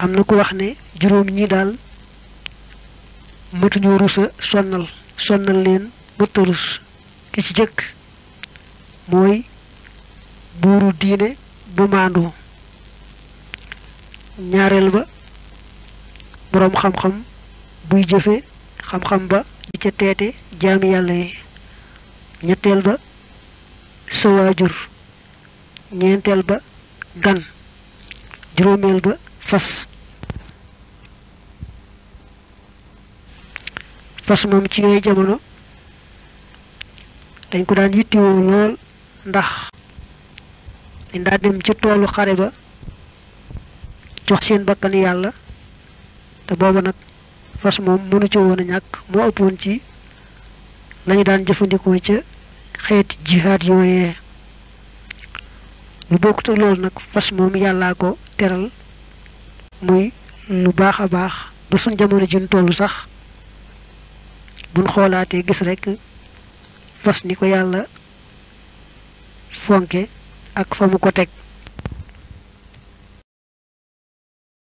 am na ko wax ne juróom ñi daal matuñu rusa sonnal sonnal leen mëtta rus ki ci jëkk mooy buuru diine bu maandu ñaareel ba boroom xam-xam buy jëfe xam-xam ba di ca teete jaami yàlla yi ñetteel ba sa waajur ñeenteel ba gan juróomeel ba fas moom ci yooyu jamono dañ ko daan yittewoo lool ndax dañ daa dem ci toolu xare ba jox seen bakkan yàlla te booba nag fas moom mënu ci woon a ñàkk moo ëpp ci lañu daan jëfandikoo ca xeeti jihaad yooyee lu bokkut ak loolu nag fas moom yàllaa ko teral muy lu baax a baax ba suñ jamono jin tollu sax buñ xoolaatee gis rekk fas ni ko yàlla fonke ak fa mu ko teg